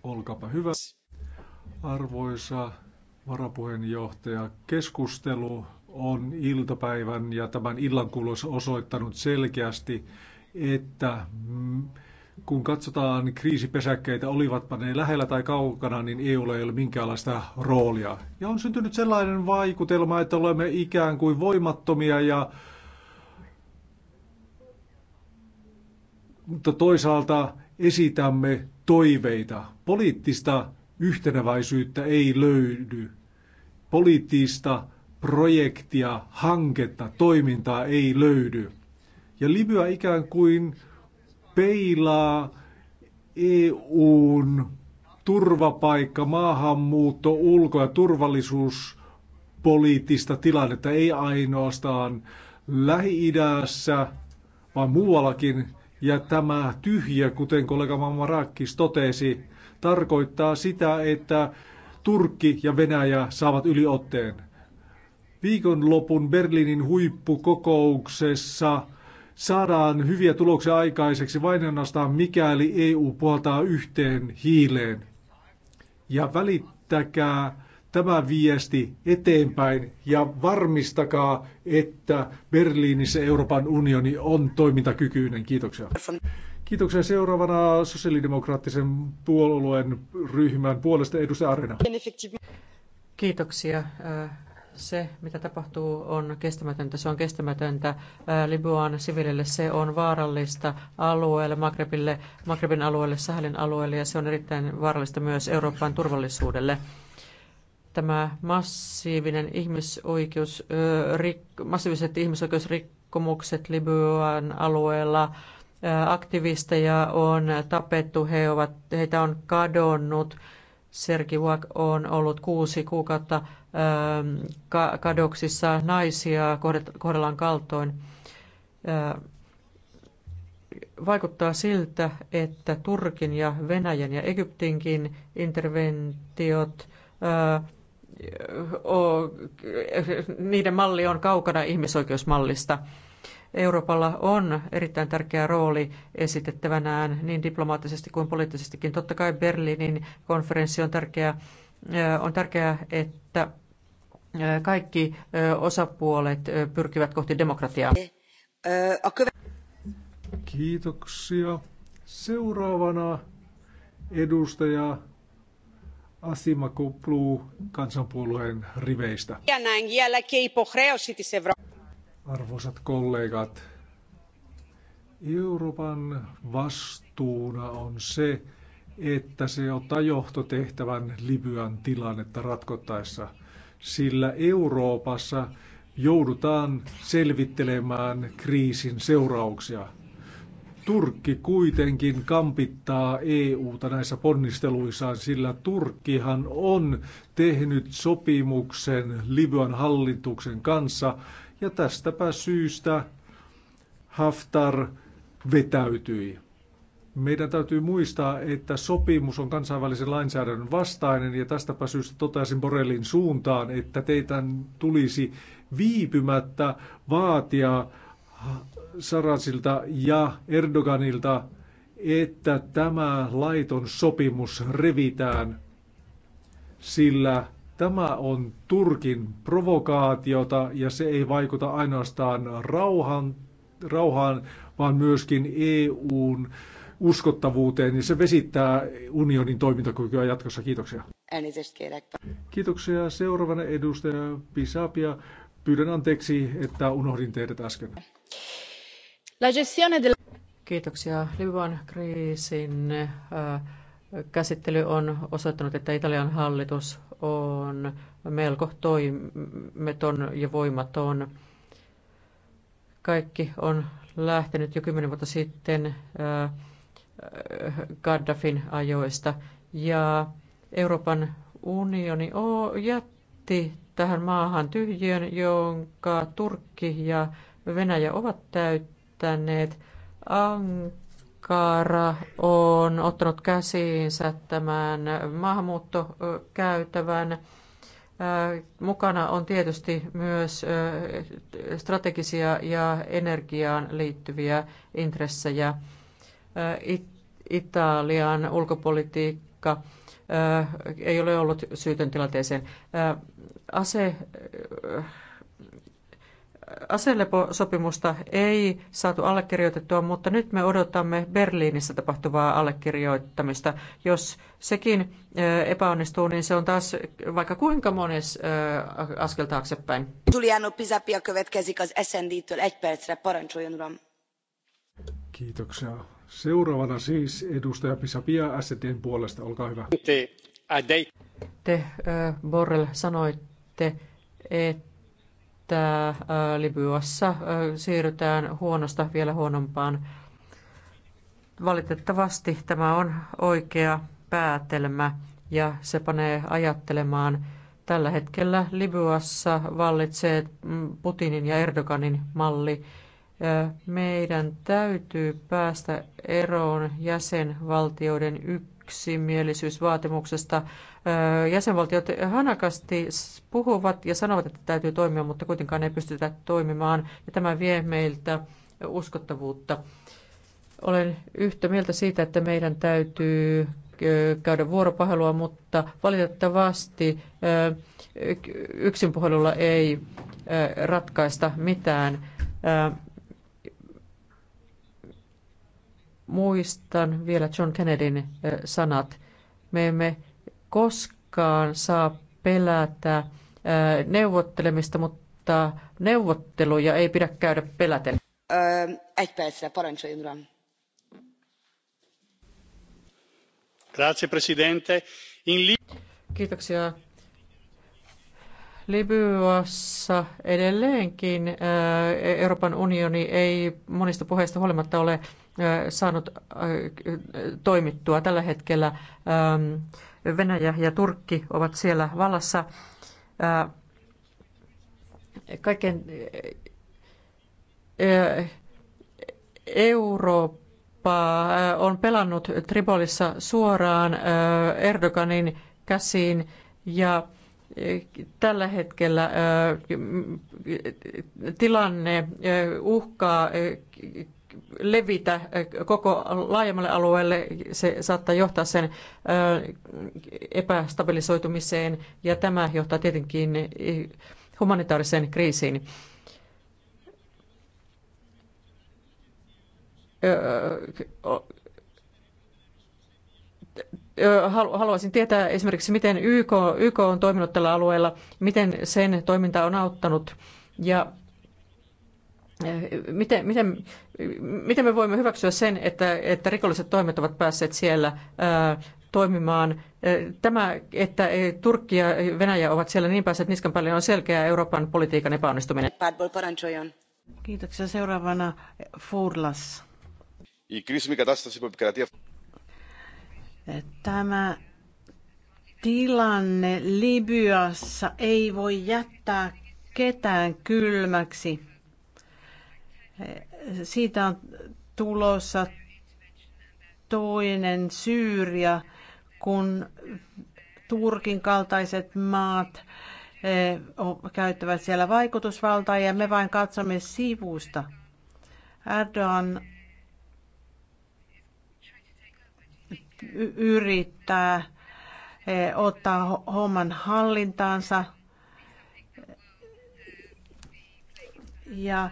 Olkaapa hyvä. Arvoisa varapuheenjohtaja, keskustelu on iltapäivän ja tämän illan kuluessa osoittanut selkeästi, että mm, kun katsotaan kriisipesäkkeitä, olivatpa ne lähellä tai kaukana, niin EUlla ei ole minkäänlaista roolia. Ja on syntynyt sellainen vaikutelma, että olemme ikään kuin voimattomia ja mutta toisaalta esitämme toiveita. Poliittista yhteneväisyyttä ei löydy. Poliittista projektia, hanketta, toimintaa ei löydy. Ja Libya ikään kuin peilaa EUn turvapaikka, maahanmuutto, ulko- ja turvallisuuspoliittista tilannetta, ei ainoastaan Lähi-idässä, vaan muuallakin. Ja tämä tyhjä, kuten kollega Mamarakis totesi, tarkoittaa sitä, että Turkki ja Venäjä saavat yliotteen viikonlopun Berliinin huippukokouksessa saadaan hyviä tuloksia aikaiseksi vain ainoastaan mikäli EU puhaltaa yhteen hiileen. Ja välittäkää tämä viesti eteenpäin ja varmistakaa, että Berliinissä Euroopan unioni on toimintakykyinen. Kiitoksia. Kiitoksia seuraavana sosiaalidemokraattisen puolueen ryhmän puolesta edustaja Arena. Kiitoksia äh, se, mitä tapahtuu, on kestämätöntä. Se on kestämätöntä Libyan siviilille, se on vaarallista alueelle, Magrebille, Magrebin alueelle, Sahelin alueelle ja se on erittäin vaarallista myös Euroopan turvallisuudelle. Tämä massiivinen ihmisoikeus, rik, massiiviset ihmisoikeusrikkomukset Libyan alueella, aktivisteja on tapettu, he ovat, heitä on kadonnut Sergi Wack on ollut kuusi kuukautta ähm, kadoksissa. Naisia kohdellaan kaltoin. Äh, vaikuttaa siltä, että Turkin ja Venäjän ja Egyptinkin interventiot, äh, niiden malli on kaukana ihmisoikeusmallista. Euroopalla on erittäin tärkeä rooli esitettävänään niin diplomaattisesti kuin poliittisestikin. Totta kai Berliinin konferenssi on tärkeä. On tärkeää, että kaikki osapuolet pyrkivät kohti demokratiaa. Kiitoksia. Seuraavana edustaja Asima Kuplu kansanpuolueen riveistä. Arvoisat kollegat, Euroopan vastuuna on se, että se ottaa johtotehtävän Libyan tilannetta ratkottaessa, sillä Euroopassa joudutaan selvittelemään kriisin seurauksia. Turkki kuitenkin kampittaa EUta näissä ponnisteluissaan, sillä Turkkihan on tehnyt sopimuksen Libyan hallituksen kanssa, ja tästäpä syystä Haftar vetäytyi. Meidän täytyy muistaa, että sopimus on kansainvälisen lainsäädännön vastainen ja tästäpä syystä totesin Borelin suuntaan, että teidän tulisi viipymättä vaatia Sarasilta ja Erdoganilta, että tämä laiton sopimus revitään, sillä Tämä on Turkin provokaatiota ja se ei vaikuta ainoastaan rauhan, rauhaan, vaan myöskin EUn uskottavuuteen, niin se vesittää unionin toimintakykyä jatkossa. Kiitoksia. Kiitoksia. Seuraavana edustaja Pisapia. Pyydän anteeksi, että unohdin teidät äsken. Kiitoksia. Libyan kriisin äh, käsittely on osoittanut, että Italian hallitus on melko toimeton ja voimaton. Kaikki on lähtenyt jo kymmenen vuotta sitten äh, äh, Gaddafin ajoista. Ja Euroopan unioni jätti tähän maahan tyhjön, jonka Turkki ja Venäjä ovat täyttäneet. Ankara on ottanut käsiinsä tämän maahanmuuttokäytävän. Äh, mukana on tietysti myös äh, strategisia ja energiaan liittyviä intressejä. Äh, Italian ulkopolitiikka ei ole ollut syytön tilanteeseen. Ase sopimusta ei saatu allekirjoitettua, mutta nyt me odotamme Berliinissä tapahtuvaa allekirjoittamista. Jos sekin eh, epäonnistuu, niin se on taas vaikka kuinka mones eh, askel taaksepäin. Juliano Pisapia következik az SND-től egy percre. Parancsoljon, uram. Kiitoksia. Seuraavana siis edustaja Pisapia SNDn puolesta. Olkaa hyvä. Te, eh, Borrell, sanoitte, että että Libyassa siirrytään huonosta vielä huonompaan. Valitettavasti tämä on oikea päätelmä ja se panee ajattelemaan. Tällä hetkellä Libyassa vallitsee mm, Putinin ja Erdoganin malli. Meidän täytyy päästä eroon jäsenvaltioiden yksi yksimielisyysvaatimuksesta. Jäsenvaltiot hanakasti puhuvat ja sanovat, että täytyy toimia, mutta kuitenkaan ei pystytä toimimaan. Ja tämä vie meiltä uskottavuutta. Olen yhtä mieltä siitä, että meidän täytyy käydä vuoropuhelua, mutta valitettavasti yksinpuhelulla ei ratkaista mitään. muistan vielä John Kennedyn sanat. Me emme koskaan saa pelätä neuvottelemista, mutta neuvotteluja ei pidä käydä peläten. Egy percre, parancsoljon uram. Grazie, presidente. In Kiitoksia. Libyassa edelleenkin Euroopan unioni ei monista puheista huolimatta ole saanut toimittua. Tällä hetkellä ähm, Venäjä ja Turkki ovat siellä vallassa. Äh, kaiken Eurooppa äh, on pelannut Tripolissa suoraan Erdoganin käsiin ja tällä hetkellä tilanne uhkaa levitä äh, koko laajemmalle alueelle, se saattaa johtaa sen äh, epästabilisoitumiseen ja tämä johtaa tietenkin äh, humanitaariseen kriisiin. Haluaisin tietää esimerkiksi, miten YK, YK on toiminut tällä alueella, miten sen toiminta on auttanut ja Miten, miten, miten me voimme hyväksyä sen, että, että rikolliset toimet ovat päässeet siellä ää, toimimaan? Tämä, että Turkki ja Venäjä ovat siellä niin päässeet niskan päälle, on selkeä Euroopan politiikan epäonnistuminen. Kiitoksia. Seuraavana Furlas. Tämä tilanne Libyassa ei voi jättää ketään kylmäksi. Siitä on tulossa toinen Syyria, kun Turkin kaltaiset maat eh, käyttävät siellä vaikutusvaltaa ja me vain katsomme sivusta. Erdogan yrittää eh, ottaa homman hallintaansa ja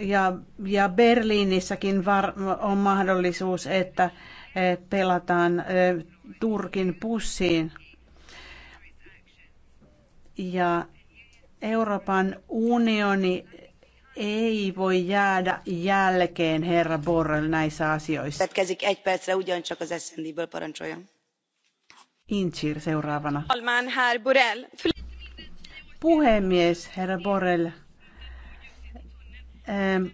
ja, ja Berliinissäkin var, on mahdollisuus, että eh, pelataan eh, Turkin pussiin. Ja Euroopan unioni ei voi jäädä jälkeen herra Borrell näissä asioissa. Tätkäsik egy percre ugyancsak az SND-ből parancsoljon. Inchir seuraavana. Puhemies, herra Borrell Ähm,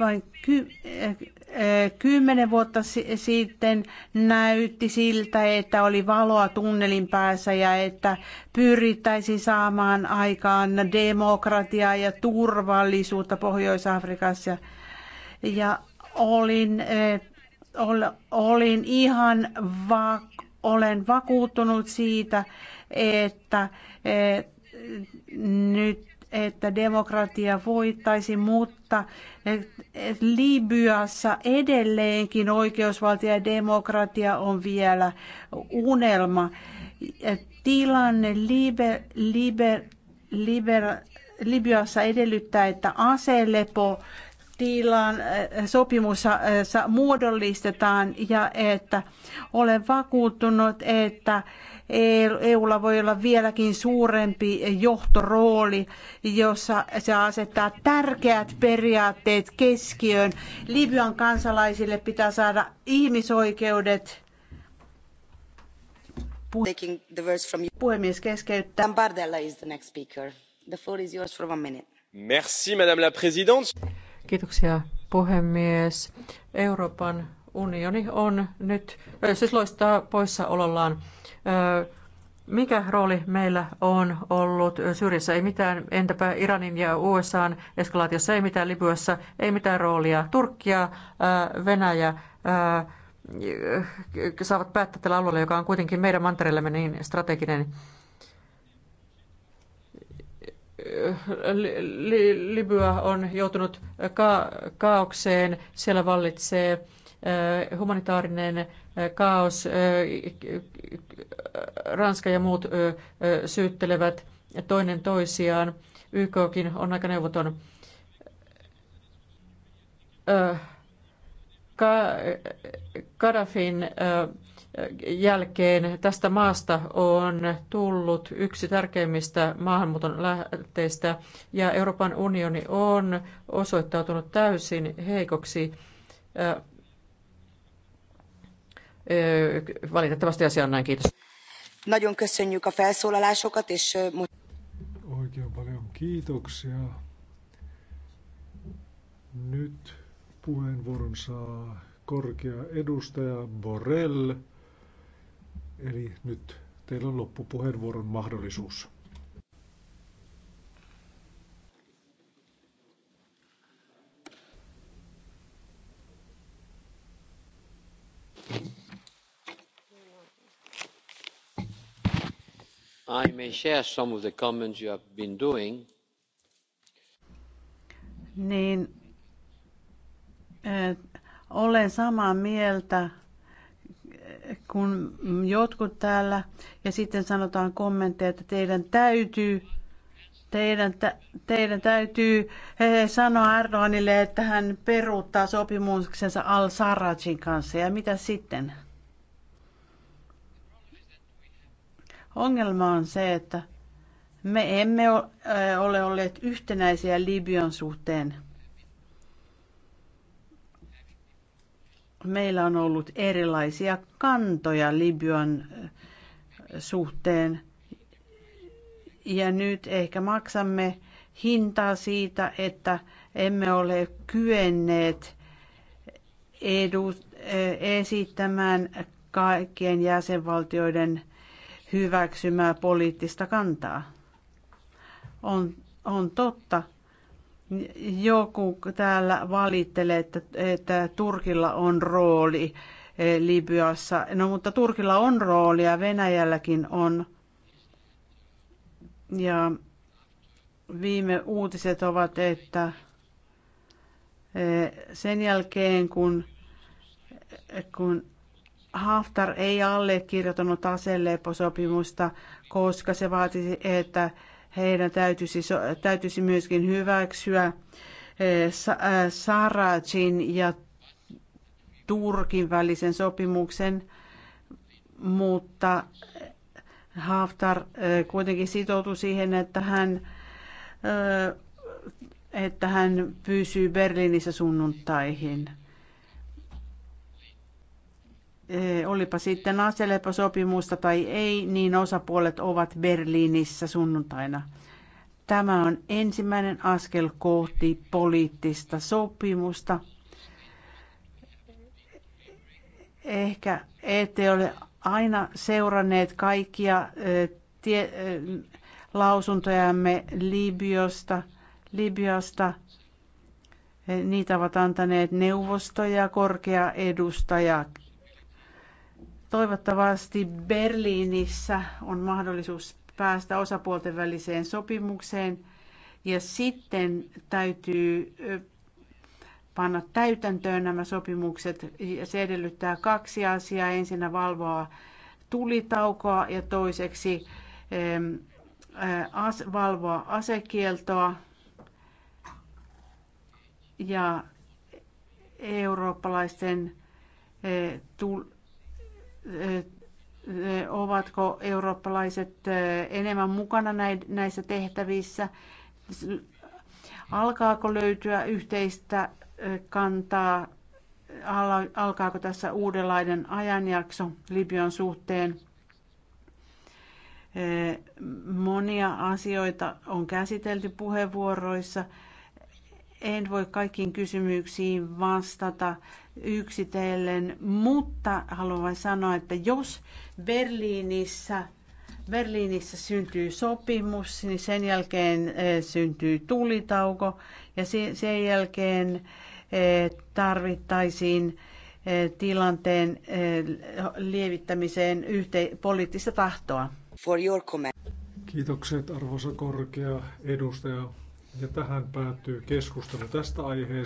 vain ky, äh, äh, kymmenen vuotta sitten näytti siltä, että oli valoa tunnelin päässä ja että pyrittäisiin saamaan aikaan demokratiaa ja turvallisuutta Pohjois-Afrikassa. Ja olin, äh, ol, olin ihan va, olen vakuuttunut siitä, että nyt että demokratia voittaisi, mutta Libyassa edelleenkin oikeusvaltio ja demokratia on vielä unelma. Tilanne liber, liber, liber, Libyassa edellyttää, että aselepo tilan eh, sopimus eh, muodollistetaan ja että olen vakuuttunut, että EUlla e voi olla vieläkin suurempi johtorooli, jossa se asettaa tärkeät periaatteet keskiöön. Libyan kansalaisille pitää saada ihmisoikeudet. Puhemies keskeyttää. Bardella is the next speaker. The floor is yours for one minute. Merci, Madame la Présidente. Kiitoksia, puhemies. Euroopan unioni on nyt, siis loistaa poissaolollaan. Mikä rooli meillä on ollut Syyriassa? Ei mitään, entäpä Iranin ja USAn eskalaatiossa, ei mitään Libyassa, ei mitään roolia. Turkkia, Venäjä saavat päättää tällä alueella, joka on kuitenkin meidän mantereellemme niin strateginen. Libya on joutunut ka- kaaukseen, siellä vallitsee humanitaarinen kaos, Ranska ja muut syyttelevät toinen toisiaan. YKkin on aika neuvoton. Kadafin jälkeen tästä maasta on tullut yksi tärkeimmistä maahanmuuton lähteistä ja Euroopan unioni on osoittautunut täysin heikoksi Valitettavasti asia on näin, kiitos. Nagyon köszönjük a felszólalásokat, és... Oikein paljon kiitoksia. Nyt puheenvuoron saa korkea edustaja Borrell. Eli nyt teillä on loppupuheenvuoron mahdollisuus. i may share some of the comments you have been doing. Niin äh, olen samaa mieltä eh, kun jotkut täällä ja sitten sanotaan kommentteja, että teidän täytyy Teidän, teidän täytyy he, eh, sanoa Erdoganille, että hän peruuttaa sopimuksensa Al-Sarrajin kanssa. Ja mitä sitten? Ongelma on se, että me emme ole olleet yhtenäisiä Libyan suhteen. Meillä on ollut erilaisia kantoja Libyan suhteen. Ja nyt ehkä maksamme hintaa siitä, että emme ole kyenneet edu, esittämään kaikkien jäsenvaltioiden hyväksymää poliittista kantaa. On, on totta, joku täällä valittelee, että, että Turkilla on rooli eh, Libyassa. No mutta Turkilla on rooli ja Venäjälläkin on. Ja viime uutiset ovat, että eh, sen jälkeen kun, kun Haftar ei allekirjoittanut aseleposopimusta, koska se vaatisi, että heidän täytyisi, täytyisi myöskin hyväksyä eh, eh, Sarajin ja Turkin välisen sopimuksen, mutta Haftar eh, kuitenkin sitoutui siihen, että hän, että hän pysyy Berliinissä sunnuntaihin. Eh, olipa sitten aseleposopimusta tai ei, niin osapuolet ovat Berliinissä sunnuntaina. Tämä on ensimmäinen askel kohti poliittista sopimusta. Ehkä ette ole aina seuranneet kaikkia eh, tie, eh, lausuntojamme Libyosta, Libyasta. Niitä ovat antaneet neuvosto ja korkea edustaja Toivottavasti Berliinissä on mahdollisuus päästä osapuolten väliseen sopimukseen ja sitten täytyy panna täytäntöön nämä sopimukset. Se edellyttää kaksi asiaa. Ensin valvoa tulitaukoa ja toiseksi valvoa asekieltoa. Ja eurooppalaisten ovatko eurooppalaiset enemmän mukana näissä tehtävissä, alkaako löytyä yhteistä kantaa, alkaako tässä uudenlainen ajanjakso Libyan suhteen. Monia asioita on käsitelty puheenvuoroissa. En voi kaikkiin kysymyksiin vastata yksitellen, mutta haluan sanoa, että jos Berliinissä Berliinissä syntyy sopimus, niin sen jälkeen eh, syntyy tulitauko ja sen jälkeen eh, tarvittaisiin eh, tilanteen lievittämiseen yhte- poliittista tahtoa. For your comment. Kiitokset arvoisa korkea edustaja. Ja tähän päättyy keskustelu tästä aiheesta.